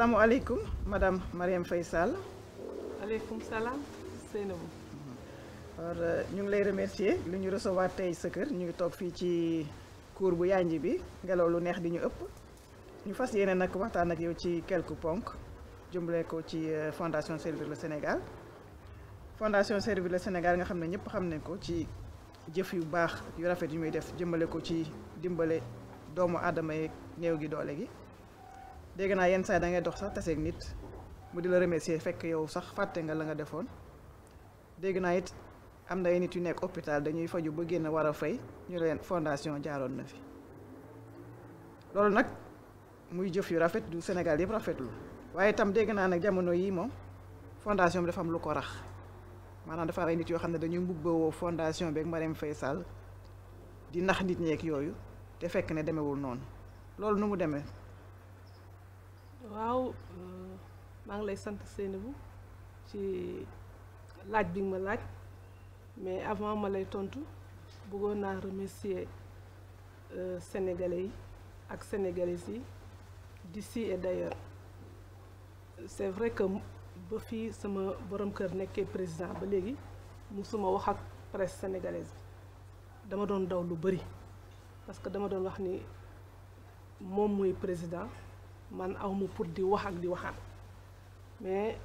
salaamualeykum madame Marième Faye Sall. aleykum salaam Seynabou. alors euh, ñu ngi lay remercier lu ñu recevoir tey sa kër ñu ngi toog fii ci cour bu yànji bi ngelaw lu neex di ñu ëpp ñu fas yeneen nag waxtaan ak yow ci quelques ponk jëmbale ko ci euh, fondation Servir le Sénégal fondation Servir le Sénégal nga xam ne ñëpp xam nañ ko ci jëf yu baax yu rafet yu muy def jëmbale ko ci dimbale doomu aadama yeeg néew gi doole gi. dégg naa yenn saa yi da ngay dox sax taseeg nit mu di la remercier fekk yow sax fàtte nga la nga defoon dégg naa it am na ay nit yu nekk hôpital dañuy faju ba génn war a fay ñu leen fondation jaaroon na fi loolu nag muy jëf yu rafet du Sénégal yëpp rafetlu waaye itam dégg naa nag jamono yii moom fondation bi dafa am lu ko rax maanaam dafa am ay nit yoo xam ne dañuy mbubbawoo fondation beeg Marème Faye Sall di nax nit ñeek yooyu te fekk ne demewul noonu loolu nu mu demee waaw euh, maa ngi lay sant bu ci laaj bi ma laaj mais avant ma lay tontu bëggoon naa remercier euh, sénégalais yi ak sénégalaises yi d'ici et d'ailleurs c'est vrai que ba fii sama borom kër nekkee président ba léegi mu suma wax ak presse sénégalaise bi dama doon daw lu bëri parce que dama doon wax ni moom mooy président man awma pour di wax ak di waxaat mais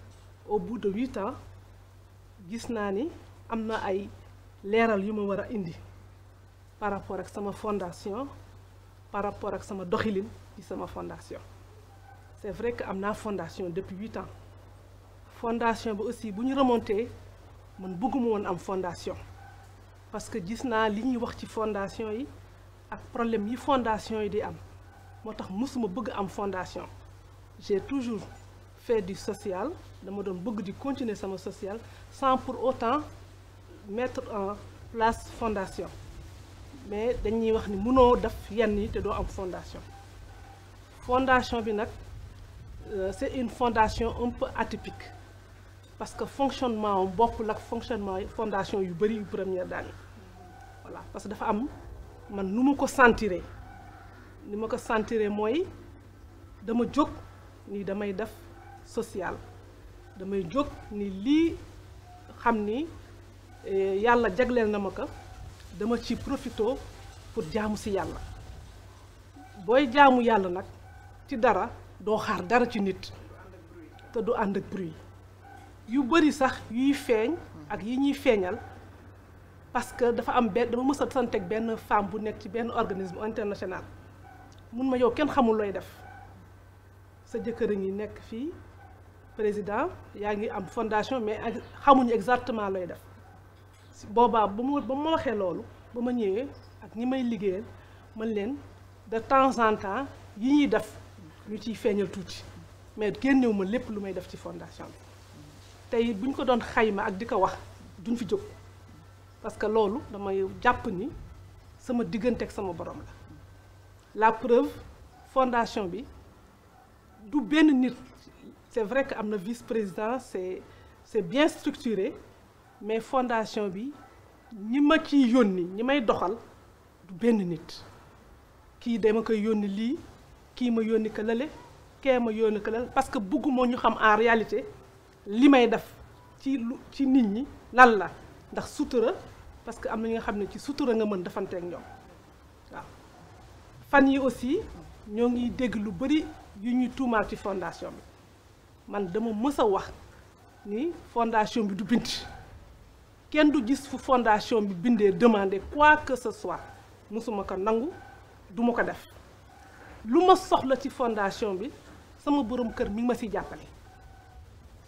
au bout de huit ans gis naa ni am na ay leeral yu ma war a indi par rapport ak sama fondation par rapport ak sama doxilin ci sama fondation c'est vrai que am naa fondation depuis huit ans fondation bi aussi bu ñu remonté man bëgguma woon am fondation parce que gis naa li ñuy wax ci fondation yi ak problème yi fondation yi di am moo tax mosuma bëgg am fondation j'ai toujours fait du social dama doon bëgg di continuer sama social sans pour autant mettre en place fondation mais dañuy wax ni mënoo def yenn yi te doo am fondation fondation bi nag euh, c'est une fondation un peu atypique parce que fonctionnement am bokkul ak fonctionnement fondation yu bëri yu première daan voilà parce que dafa am man nu mu ko sentiree ni ma ko sentiree mooy dama jóg nii damay def social damay jóg ni lii xam ni eh, yàlla jagleel na ma ko dama ci profito pour jaamu si yàlla booy jaamu yàlla nag ci dara doo xaar dara ci nit te du ànd ak bruit yu bëri sax yuy feeñ ak yi ñuy feeñal parce que dafa am benn dama mës a santeeg benn femme bu nekk ci benn organisme international mun ma yow kenn xamul looy def sa jëkkër a ngi nekk fii président yaa ngi am fondation mais xamuñu exactement looy def si boobaa ba mu ba ma waxee loolu ba ma ñëwee ak ñi may liggéeyal man leen de temps en temps yi ñuy def ñu ciy feeñal tuuti mais génnewu ma lépp lu may def ci fondation bi tey bu ñu ko doon xayma ak di ko wax duñ fi jóg parce que loolu damay jàpp ni sama diggante ak sama borom la la preuve fondation bi du benn nit c'est vrai que am na vice-président c'est c'est bien structuré mais fondation bi ñi ma ciy yónni ñi may doxal du benn nit kii dama koy yónni lii kii ma yónni ko lale kee ma yónni ko lale parce que bëgguma ñu xam en réalité li may def ci lu ci nit ñi lan la ndax sutura parce que am na ñu nga xam ne ci sutura nga mën defanteeg ñoom fan yi aussi ñoo ngi dégg lu bëri yu ñuy tuumaal ci fondation bi man dama mës wax ni fondation bi du bind kenn du gis fu fondation bi bindee demande quoi que ce soit mësuma ko nangu duma ko def lu ma soxla ci fondation bi sama borom kër mi ngi ma ci jàppale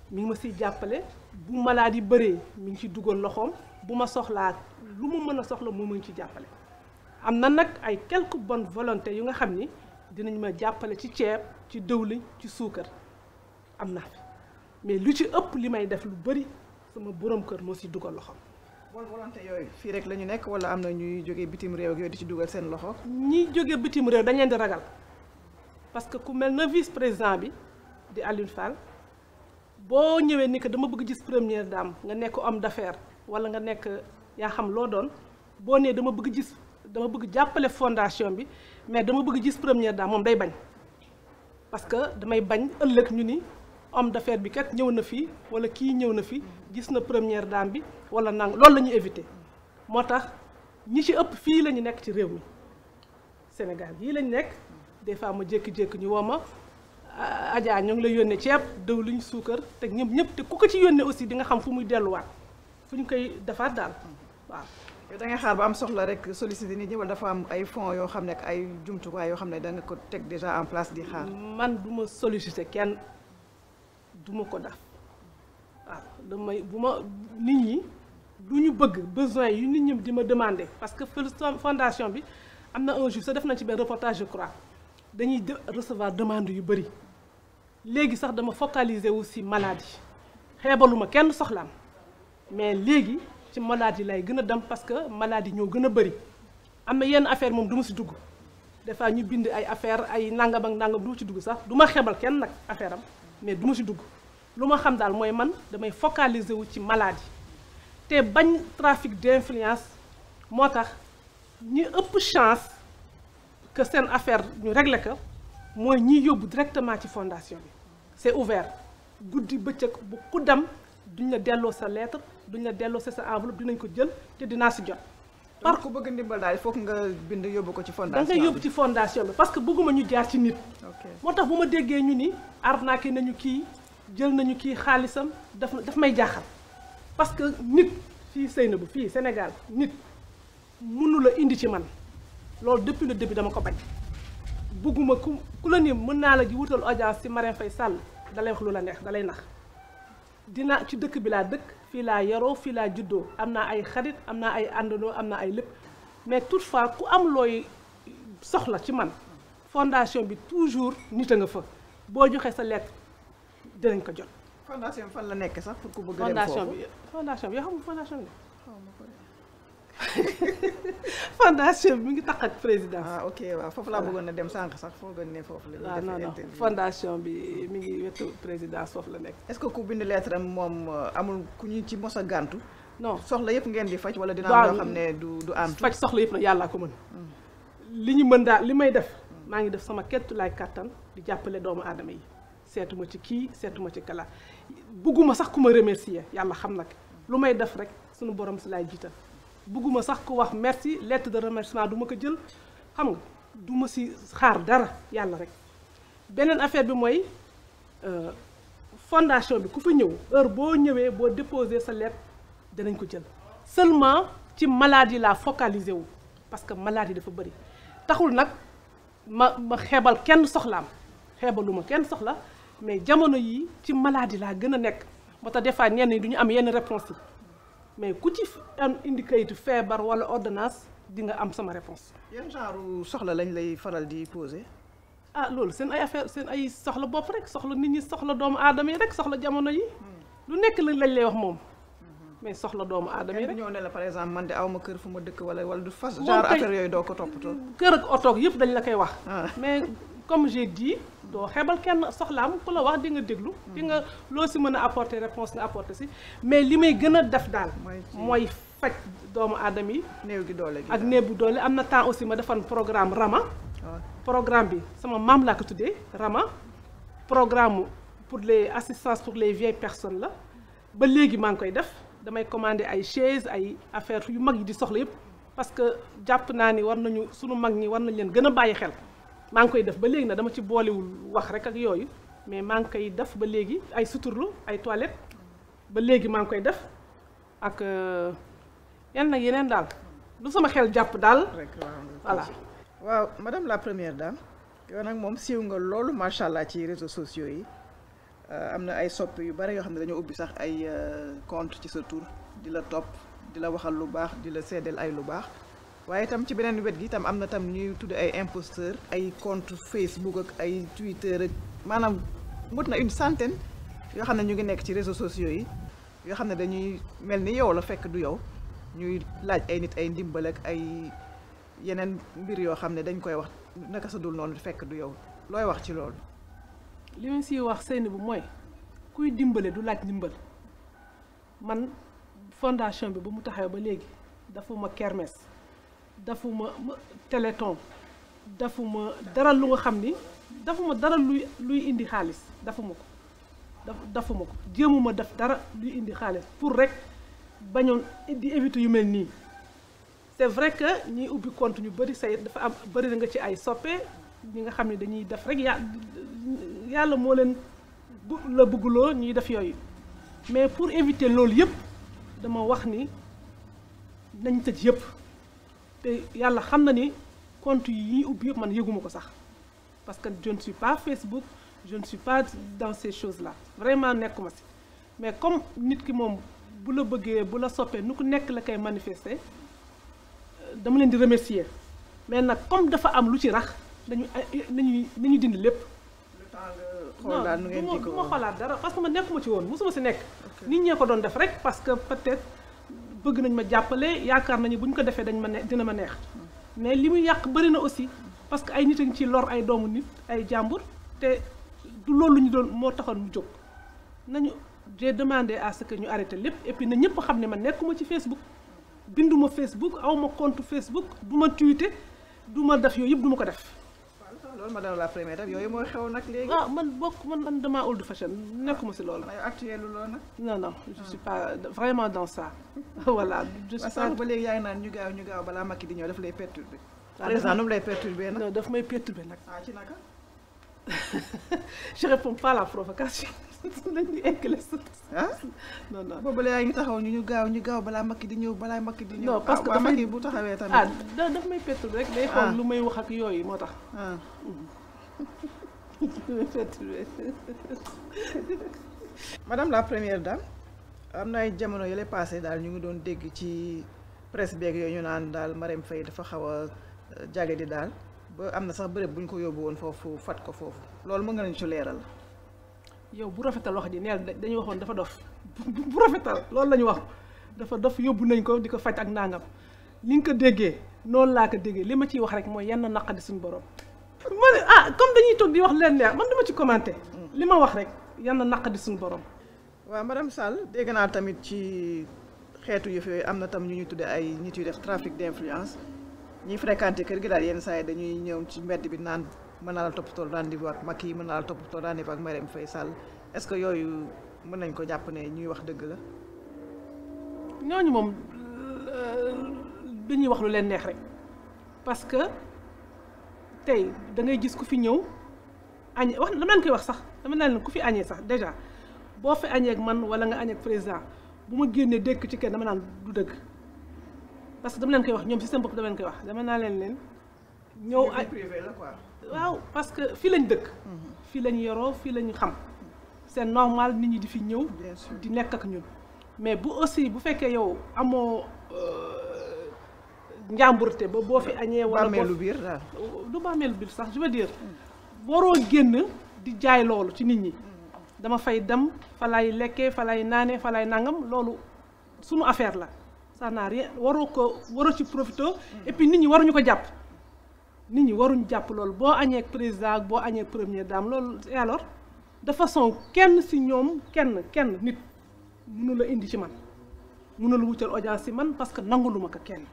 mi ngi ma siy jàppale bu malade yi bëree mi ngi ci dugal loxoom bu ma soxlaa lu ma mën a soxla moom ma ngi ci jàppale am na nag ay quelques bonnes volontés yu nga xam ni dinañ ma jàppale ci ceeb ci dëwliñ ci suukar am na mais lu ci ëpp li may def lu bëri sama borom kër moo si dugal loxo. bonne volonté yooyu fii rek la ñu nekk wala am na ñuy jóge bitim réew ak yooyu di ci dugal seen loxo. ñi jóge bitim réew dañ leen di ragal parce que ku mel na vice président bi di Alioune Fall boo ñëwee ni que dama bëgg gis première dame nga nekk homme d'affaires wala nga nekk yaa xam loo doon boo nee dama bëgg gis. dama bëgg jàppale fondation bi mais dama bëgg gis première dame moom day bañ parce que damay bañ ëllëg ñu ni homme d'affaires bi kat ñëw na fii wala kii ñëw na fi gis na première dame bi wala nang loolu lañuy ñuy éviter moo tax ñi ci ëpp fii la ñu nekk ci réew mi Sénégal yii lañ nekk des fois ma jékki-jékki ñu woo ma ajaa ñoo ngi lay yónnee ceeb diwlin suukar te ñëpp ñëpp te ku ko ci yónnee aussi di nga xam fu muy delluwaat fu ñu koy defaat daal waaw yow dangay xaar ba am soxla rek sollicité nit ñi wala dafa am ay fonds yoo xam ne ak ay jumtuwaay yoo xam ne da nga ko teg déjà en place di xaar. man du ma sollicité kenn duma ma ko def waaw damay bu ma nit ñi lu ñu bëgg besoin yu nit ñi di ma demander parce que fondation bi am na un jour sax def na ci benn reportage je dañuy dañuy recevoir demande yu bëri léegi sax dama focaliser wu si maladie xeebaluma kenn soxlaam mais léegi. ci maladie lay gën a dem parce que maladie ñoo gën a bëri am na yenn affaire moom duma ma si dugg des fois ñu bind ay affaire ay nangam ak nangam du ma dugg sax duma ma xebal kenn nag affaire am mais du ma si dugg lu ma xam daal mooy man damay focaliser wu ci maladie te bañ trafic d'influence moo tax ñi ëpp chance que seen affaire ñu régle ko mooy ñiy yóbbu directement ci fondation bi c'est ouvert guddi bëccëg bu ku dem duñ la delloo sa leetre duñ la delloo sa a enveloppe dinañ ko jël te dinaa si jot. parce que bëgg ndimbal daal foog nga bind yóbbu ko ci fondation bi da nga yóbbu ci fondation bi parce que bëgguma ñu jaar ci nit. moo tax bu ma déggee ñu ni arnaqué nañu kii jël nañu kii xaalisam daf daf may jaaxal parce que nit fii na bu fii Sénégal nit mënu indi ci man loolu depuis na début dama ko bañ bëgguma ku ku la ni mën naa la ji wutal audience ci Marème Faye sàll dalay wax lu la neex dalay nax dina ci dëkk bi laa dëkk. fii laa yaroo fii laa juddoo am naa ay xarit am na ay àndandoo am na ay lépp mais tout toutefois ku am looy soxla ci man fondation bi toujours nit a nga fa boo joxee sa lettre dinañ ko jot. fondation fan la nekk sax pour ku bëgg a dem foofu fondation bi fondation bi yoo xam fondation bi. fondation bi mi ngi tax ak présidence. ah ok waaw foofu laa bëggoon na dem sànq sax foo gën ne foofu la. waaw ah, fondation bi mi ngi wetu présidence foofu la nekk. est-ce que ku bind lettre am moom euh, amul ku ñu ci mos gàntu. non soxla yëpp ngeen di faj. wala dina am ne du du am. soxla yëpp yàllaa ko hmm. li ñu mën daal li may def. Hmm. maa ngi def sama kettu laay di jàppale doomu aadama yi seetuma ci kii seetuma ci kala bëgguma sax ku ma remercier yàlla xam nag hmm. lu may def rek sunu borom si laay jiital. bëgguma sax ku wax merci lettre de remerciement du ko jël xam nga du ma si xaar dara yàlla rek beneen affaire bi mooy euh, fondation bi ku fa ñëw heure boo ñëwee boo déposé sa lettre danañ ko jël seulement ci maladie laa focaliser wu parce que maladie dafa bëri taxul nag ma ma xeebal kenn soxlaam xeebaluma ma kenn soxla mais jamono yii ci maladie laa gën a nekk moo tax des fois ñenn ñi du ñu am yenn réponse yi mais ku ci am indi kayitu feebar wala ordonnance di nga am sama réponse yan genre soxla lañ lay faral di poser. ah loolu seen ay affaire seen ay soxla bopp rek soxla nit ñi soxla doomu aadama yi rek soxla jamono yi. Hmm. lu nekk lañ lay wax moom. Hmm. mais soxla doomu aadama yi rek ñëw ne par exemple man de aw ma kër fu ma dëkk wala wala du fas. genre affaire yooyu doo ko toppatoo. kër ak otoog yëpp dañ la koy wax. Ah. mais comme j'ai dit doo xebal kenn soxlaa soxlaam ku la wax di nga déglu di nga loo si mën a apporter réponse nga apporter si mais li may gën a def daal mooy faj doomu aadama yi néew gi doole ak néew bu doole am na temps aussi ma defan programme rama programme bi sama maam laa ko tuddee rama programme pour le assistances pour les vieilles personnes la ba léegi maa ngi koy def damay commander ay chaise ay affaire yu mag yi di soxla yëpp parce que jàpp naa ni war nañu sunu mag ñi war nañ leen gën a bàyyi xel maa ngi koy def ba léegi na dama ci boolewul wax rek ak yooyu mais maa ngi koy def ba léegi ay suturlu ay toilette ba léegi maa ngi koy def ak euh, yan nag yeneen daal lu sama xel jàpp daal voilà waaw madame la première dame yow nag moom siiw nga loolu macha allah ci réseaux sociaux yi euh, am na ay sopp yu bari yoo xam ne dañoo ubbi sax ay euh, compte ci sa tur di la topp di la waxal lu baax di la seddal ay lu baax waaye itam ci beneen wet gi itam am na tam ñuy tudd ay imposteur ay compte Facebook ak ay Twitter ak maanaam mut na une centaine yoo xam ne ñu ngi nekk ci réseaux sociaux yi yoo xam ne dañuy mel ni yow la fekk du yow ñuy laaj ay nit ay ndimbal ak ay yeneen mbir yoo xam ne dañ koy wax naka sa dul noonu fekk du yow looy wax ci loolu. li ma si wax seen bu mooy kuy dimbale du laaj ndimbal man fondation bi ba mu taxaw ba léegi dafa ma kermes dafuma téléthon dafuma dara lu nga xam ni dafuma dara luy luy indi xaalis dafuma ko dafuma ko jéemuma def dara luy indi xaalis pour rek bañoon di éviter yu mel nii c'est vrai que ñiy ubbi compte ñu bëri say dafa am bëri na nga ci ay soppe ñi nga xam ne dañuy def rek yà yàlla moo leen bu la bëgguloo ñuy def yooyu mais pour éviter loolu yëpp dama wax ni nañ tëj yëpp te yàlla xam na ni compte yi ubbi yëpp man yëguma ko sax parce que je ne suis pas Facebook je ne suis pas dans ces choses là vraiment nekkuma si mais comme nit ki moom bu la bëggee bu la soppee nu ko nekk la kay manifester euh, dama leen di remercier mais nag comme dafa am lu ci rax dañu nañuy nañuy dindi lépp. xoolaat nu ngeen di ko non du ma xoolaat dara parce que ma nekkuma ci woon mosuma si nekk. nit ñee ko doon def rek parce que bëgg nañ ma jàppale yaakaar nañu bu ñu ko defee dañ ma ne dina ma neex mais li mu yàq bëri na aussi parce que ay nit a ngi ci lor ay doomu nit ay jàmbur te du loolu ñu doon moo taxoon mu jóg nañu j'ai demandé à que ñu arrêté lépp et puis na ñëpp xam ne ma nekkuma ci Facebook binduma Facebook awma compte Facebook du ma tweeter du ma def yooyu yëpp duma ko def loolu ma yooyu mooy xew nag léegi. waaw ah, man bokk man man damaa old fashion nekkuma si loolu. waaw actuel loolu nag. non non je ah. suis pas vraiment dans ça. voilà ba léegi yaay naan ñu gaaw ñu gaaw balaa makki di ñoo daf lay perturbé. Ah, par exemple nu mu lay perturbé nag. non daf may perturbé nag. ah ci naka. je réponds pas à la provocation. dañuy eggale sa ah non boobu la yaa ngi taxaw ñu ñu gaaw ñu gaaw balaa makki di ñëw balaa makki di ñëw non parce ah, que makki bu taxawee tamit ah da daf may pettul rek day xool ah. lu may wax ak yooyu moo tax ah madame la première dame am na ay jamono yële passé daal ñu ngi doon dégg ci presse beeg yooyu ñu naan daal Marème fay dafa xaw a euh, jage di daal ba am na sax bërëb bu ñu ko yóbbu woon foofu fat ko foofu loolu mën nga nañu ci leeral yow bu rafetal wax ji neel dañuy waxoon dafa dof bu rafetal loolu lañu ñu wax dafa dof yóbbu nañ ko di ko faj ak nangam li nga ko déggee noonu laa ko déggee li ma ciy wax rek mooy yenn naqadi suñu borom. ma ne ah comme dañuy di wax leen leer man dama ci commenté. li ma wax rek yenn naqadi suñu borom. waa madame Sall dégg naa tamit ci xeetu yëf yooyu am na tam ñu ñuy tuddee ay nit yu def trafic d' influence ñuy fréquenté kër gi daal yenn saa yi dañuy ñëw ci mbedd bi naan. mën naa la toppatoo rendez-vous ak Macky mën naa la toppatoo rendez-vous ak Marème Faye Sall est-ce que yooyu mën nañ ko jàpp ne ñuy wax dëgg la. ñooñu moom dañuy wax lu leen neex rek parce que tey da ngay gis ku fi ñëw añee wax dama leen koy wax sax dama naan leen ku fi añee sax déjà boo fi añee ak man wala nga añee ak président bu ma génnee dëkk ci kenn dama naan du dëgg parce dama leen koy wax ñoom ci seen bopp dama leen koy wax dama naa leen leen. ñëw ak privé la waaw parce que fii lañ dëkk. Mhm. fii lañ yoroo fii lañ xam. seen normal nit ñi di fi ñëw. di nekk ak ñun. mais bu aussi bu fekkee yow amoo euh, njàmburte ba boo fi añee. wala bàmmeelu biir euh, biir sax je veux waroo génn di jaay loolu ci nit ñi. Mhm. dama fay dem fa lay lekkee fa lay naanee fa lay nangam loolu sunu affaire la ça n'a rien waroo ko waroo ci profité. Mhm. et puis nit ñi waruñu ko jàpp. nit ñi waruñ jàpp loolu boo añee ak président boo añee ak première dame loolu et alors de façon kenn si ñoom kenn kenn nit mënu la indi ci man mënu la wutal audience si man parce que nangulu ma ko kenn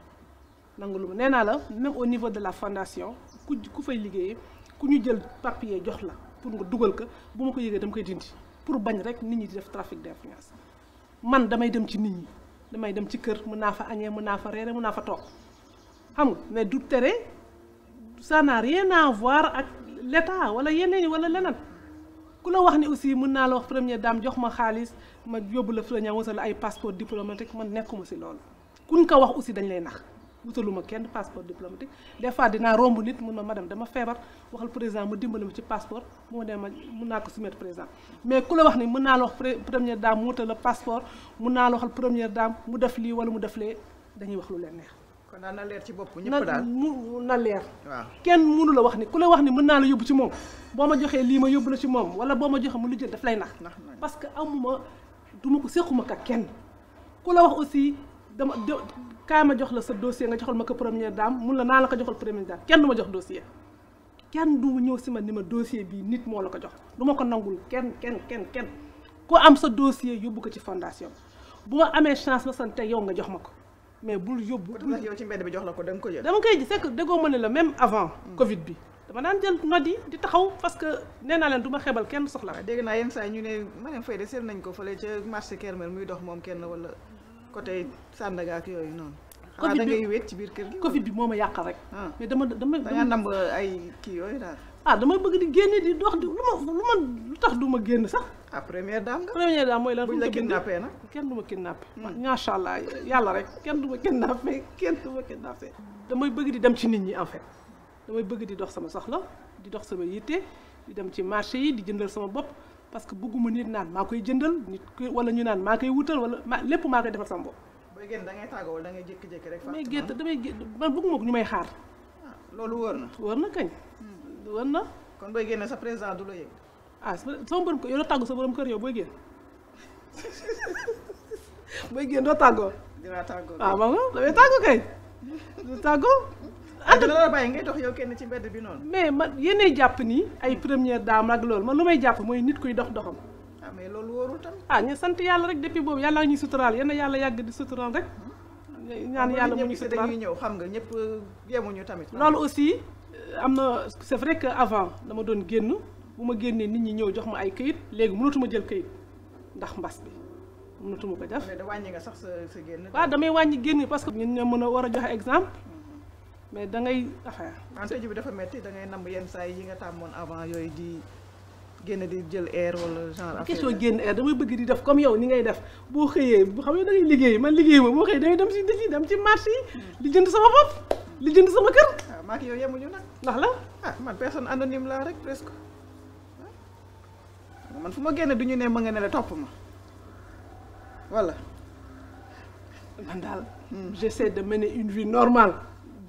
nangulu ma nee naa la même au niveau de la fondation ku ku fay liggéeye ku ñu jël papier jox la pour nga dugal ko bu ma ko yëgee dama koy dindi pour bañ rek nit ñi di def de d'influence man damay dem ci nit ñi damay dem ci kër mën naa fa añee mën naa fa reere mën naa fa toog xam ça n'a rien à voir ak l'État wala yeneen wala leneen ku la wax ni aussi mën naa la wax première dame jox ma xaalis ma yóbbu la fële ña wutal ay passeport diplomatique man nekkuma si loolu kuñ ko wax aussi dañ lay nax wutaluma kenn passeport diplomatique des fois dinaa romb nit mun ma madame dama feebar waxal président mu dimbali ma ci passeport mu dem ma mun naa ko soumettre président mais ku la wax ni mën naa la wax première dame mu wutal la passeport mun naa la waxal première dame mu def lii wala mu def lee dañuy wax lu leen neex. kon na leer ci bopp ñëpp daal mu na leer waaw kenn mënu la wax ni ku la wax ni mën naa la yóbbu ci moom boo ma joxee lii ma yóbbu la ci moom wala boo ma joxee mu lu jël daf lay nax parce que amuma duma ko séquma ka kenn ku la wax aussi dama kaay ma jox la sa dossier nga joxal ma ko première dame mun la naa la ko joxal première dame kenn du ma jox dossier kenn du ñëw si ma ni ma dossier bii nit moo la ko jox du ma ko nangul kenn kenn kenn kenn ku am sa dossier yóbbu ko ci fondation bu amee chance ma sante yow nga jox ma ko mais bul yóbbu. bul yow ci mbedd bi jox la ko da nga ko jël. dama koy ji c'est que déggoo ma ne la même avant. Hmm. Covid bi dama daan jël note yi di taxaw parce que nee naa leen du ma xebal kenn soxla. waaw dégg naa yenn saa ñu ne Marième Faye de seet nañ ko fële ca marché Kermel muy dox moom kenn wala côté Sandaga ak yooyu noonu. Covid bi da ngay wéet ci biir kër gi. Covid bi moo ma yàqal rek. Ah. mais dama dama da nga namb ay kii yooyu daal. ah dama bëgg di génne di dox di lu ma lu ma lu tax du ma génn sax. ah première dame nga. première dame mooy lan buñ la kidnappé nag kenn du ma kidnappé. Hmm. macha allah yàlla rek kenn du ma kidnappé kenn du ma kidnappé. damay bëgg di dem ci nit ñi en fait damay bëgg di dox sama soxla di dox sama yitte di dem ci marché yi di jëndal sama bopp parce que bëgguma nit naan maa koy jëndal nit wala ñu naan maa koy wutal wala ma lépp maa koy defal sama bopp. booy génn da ngay tàggoo wala da ngay jékki-jékki rek. damay damay génn man bëgguma ko ñu may xaar. Ah, loolu wër na. na kañ. Hmm. wër kon booy génne sa président du la yëg. ah sama borom kër yow doo sa borom kër yow booy génn booy génn doo tàggoo. dinaa tàggoo ah, ma nga damay tàggoo kay. du tàggoo. ah dina dox yow kenn ci mbedd bi noonu. mais man yéenay jàpp ni ay première dame ak loolu man lu may jàpp mooy nit kuy dox doxam. ah loolu wóorul tam. ah ñu sant yàlla rek depuis boobu yàlla ñuy suturaal yéen yàlla yàgg di suturaal rek. ñaan yàlla mu ñu suturaal dañuy ñëw xam nga ñëpp yemuñu tamit. loolu aussi euh, am na c'est vrai que avant dama doon génn. bu ma génnee nit ñi ñëw jox ma ay këyit léegi mënatuma jël këyit ndax mbas bi mënatuma ko def. mais sax sa sa génn. waaw damay wàññi génn parce que. ngeen ñoo mën a war a joxe exemple. mais da ngay affaire. en tëj bi dafa métti da ngay namb yenn saa yi nga tàmmoon avant yooyu di génn di jël air wala genre. affaire question génn air damay bëgg di def comme yow ni ngay def boo xëyee bu xam ne da liggéey man liggéey ma boo xëyee da ngay dem ci dëkk dem ci marché yi. li hmm. jënd sama bopp li jënd sama kër. waaw ah, maa ngi yow yemuñu nag. ndax la ah man personne anonyme laa rek presque. man fu ma génne du ñu ne ma nga ne la topp ma voilà man daal hmm. j'essaie de mener une vie normale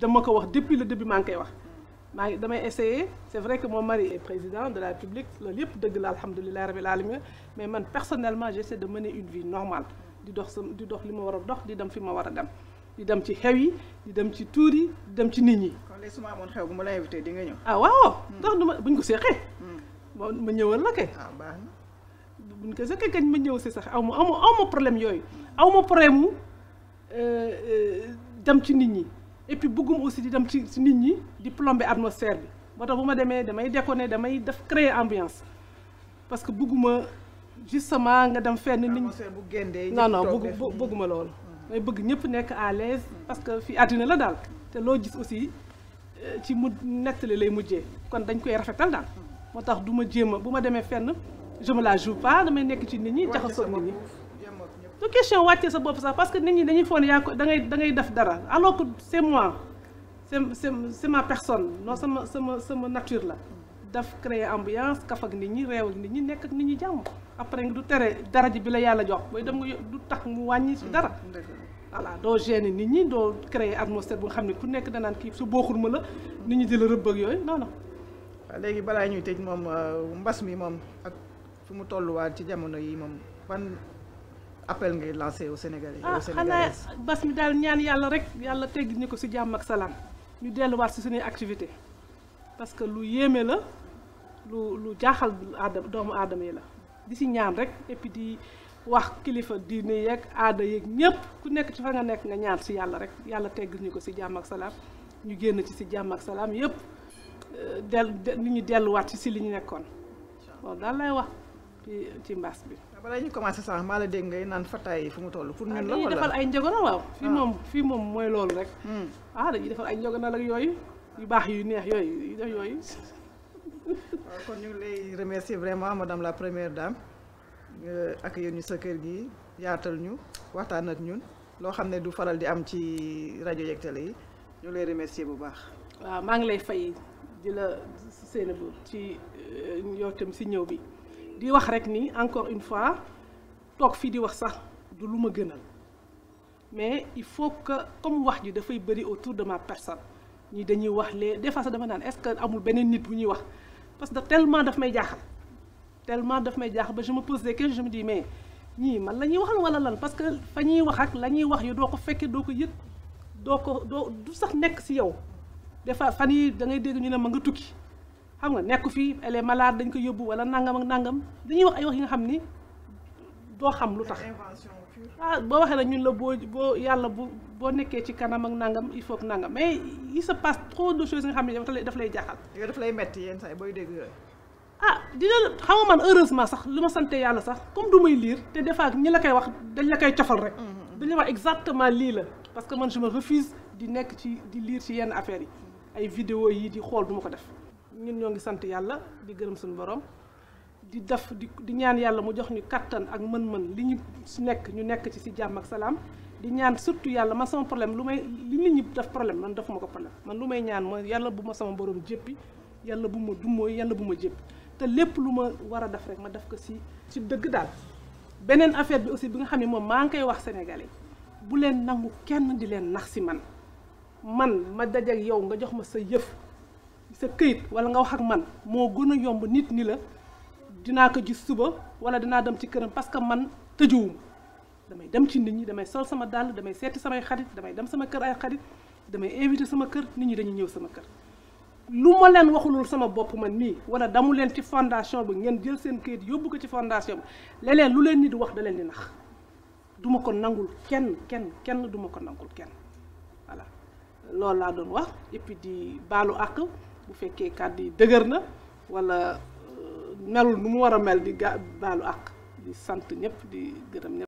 dama ko wax depuis le début maa ngi koy wax maa ngi damay essayer c'est vrai que moo mari président de la publique loolu yëpp dëgg la alhamdulilah rabbil alamin mais man personnellement j'essaie de ne une vie normal di dox sa di dox li ma war a dox di dem fi ma war a dem di dem ci xew yi di dem ci tuur yi di dem ci nit ñi. kon léegi su ma amoon xew bu ma la invité di nga ñëw. ah waaw. Hmm. ma ñëwal la kay. waaw ah, baax na. buñ ko ma ñëw si sax aw ma aw ma problème yooyu aw problème mu euh, euh, dem ci nit ñi et puis aussi di dem ci ci nit ñi di plomber atmosphère bi moo tax bu ma demee damay déconner damay def créer ambiance parce que bëgguma justement nga dem fenn nit ñi non non bëgg bëgguma loolu ah. may bëgg ñëpp nekk à l'aise parce que fi àddina la daal te loo gis aussi euh, ci mu nettali lay mujjee kon dañ koy rafetal daal moo tax du ma jéem a bu ma demee fenn je me la damay nekk ci nit ñi jaxasoo nit ñi du question wàccee sa bopp sax parce que nit ñi dañuy foog ne yaa ko da ngay def dara alors que c'est moi c'est c'est ma personne non sama sama sama nature la daf créer ambiance kaf ak nit ñi réew ak nit ñi nekk ak nit ñi jàmm après nga du tere dara ji bi la yàlla jox booy dem nga du tax mu wàññi su mm, dara voilà doo gêner nit ñi doo créer atmosphère bu nga xam ne ku nekk danaan kii su bokkul ma la nit ñi di la rëbb yooyu non non waaw léegi balaa ñuy tëj moom euh, mbas mi moom ak fu mu tolluwaat ci jamono yi moom ban appel ngay lancé au Sénégalais. ah xanaa mbas mi daal ñaan yàlla rek yàlla tegg ñu ko si jàmm ak salaam ñu delluwaat si suñuy activité parce que lu yéeme la lu lu jaaxal aadama doomu aadama yi la di si ñaan rek et puis di wax kilifa diine yeeg aada yeeg ñépp ku nekk ci fa nga nekk nga ñaan si yàlla rek yàlla tegg ñu ko si jàmm ak salaam ñu génn ci si jàmm ak salaam yépp del nit ñi delluwaat ci si li ñu nekkoon loolu daal lay wax ci ci mbaas bi. Ah, balaa ñu commencé sax maa la dégg ngay naan fataay yi fu mu toll. pour ah, ñun la wala defal ay njogoonal waaw. Ah. fii moom fii moom mooy loolu rek. Hmm. ah dañuy defal ay njogoonal ak yooyu yu baax yu neex yooyu yu def yooyu. waaw kon ñu lay remercier vraiment madame la première dame ak yéen ñu sa kër gi yaatal ñu waxtaan ak ñun loo xam ne du faral di am ci rajo yeeg yi ñu lay remercier bu baax. waaw maa ngi lay fay. di la Seynabou ci euh, yow tam si ñëw bi di wax rek ni encore une fois toog fii di wax sax du lu ma gënal mais il faut que comme wax ji dafay bëri autour de ma personne ñi dañuy wax lee des fois sax dama naan est-ce que amul beneen nit bu ñuy wax parce que tellement daf may jaaxal tellement daf may jaaxal ba je me pose des questions je mais ñii man la ñuy waxal wala lan parce que fa ñuy wax ak la ñuy wax yi doo ko fekkee doo ko yëg doo ko doo du sax nekk si yow defaa fois fan yi da dégg ñu ne man nga tukki xam nga nekku fii elle est dañ ko yóbbu wala nangam ak nangam dañuy wax ay wax yi nga xam ni doo xam lu tax ah boo waxee ñun la boo boo yàlla bu boo nekkee ci kanam ak nangam il faut nangam mais il se passe trop de choses nga xam ne daf lay jaaxal. yooyu daf lay metti yenn saa yi booy dégg yooyu. ah dina xam nga man heureusement sax li ma sante yàlla sax comme du may liir te des fois ñi la koy wax dañ la koy cofal rek. Mm-hmm. dañ la wax exactement lii la parce que man je me refuse di nekk ci di liir ci yenn affaires yi. ay vidéo yi di xool du ma ko def ñun ñoo ngi sant yàlla di gërëm suñu borom di def di ñaan yàlla mu jox ñu kattan ak mën-mën li ñu nekk ñu nekk ci si jàmm ak salaam di ñaan surtout yàlla man sama problème lu may li nit ñi def problème man defuma ko problème man lu may ñaan mooy yàlla bu ma sama borom jéppi yàlla bu ma dummooy yàlla bu ma jéppi te lépp lu ma war a def rek ma def ko si ci dëgg daal beneen affaire bi aussi bi nga xam ne moom maa ngi koy wax sénégalais bu leen nangu kenn di leen nax si man man ma dajeek yow nga jox ma sa yëf sa këyit wala nga wax ak man moo gën a yomb nit ni la dinaa ko gis suba wala dinaa dem ci këram parce que man tëjuwuma damay dem ci nit ñi damay sol sama dàll damay seeti samay xarit damay dem sama kër ay xarit damay invité sama kër nit ñi dañuy ñëw sama kër lu ma leen waxulul sama bopp man nii wala damu leen ci fondation bi ngeen jël seen këyit yóbbu ko ci fondation bi leneen lu leen nit di wax da leen di nax duma ko nangul kenn kenn kenn duma ko nangul kenn loolu laa doon wax et di baalu àq bu fekkee kàddu yi dëgër na wala euh, melul nu mu war a mel di ga baalu àq di sant ñëpp di gërëm ñëpp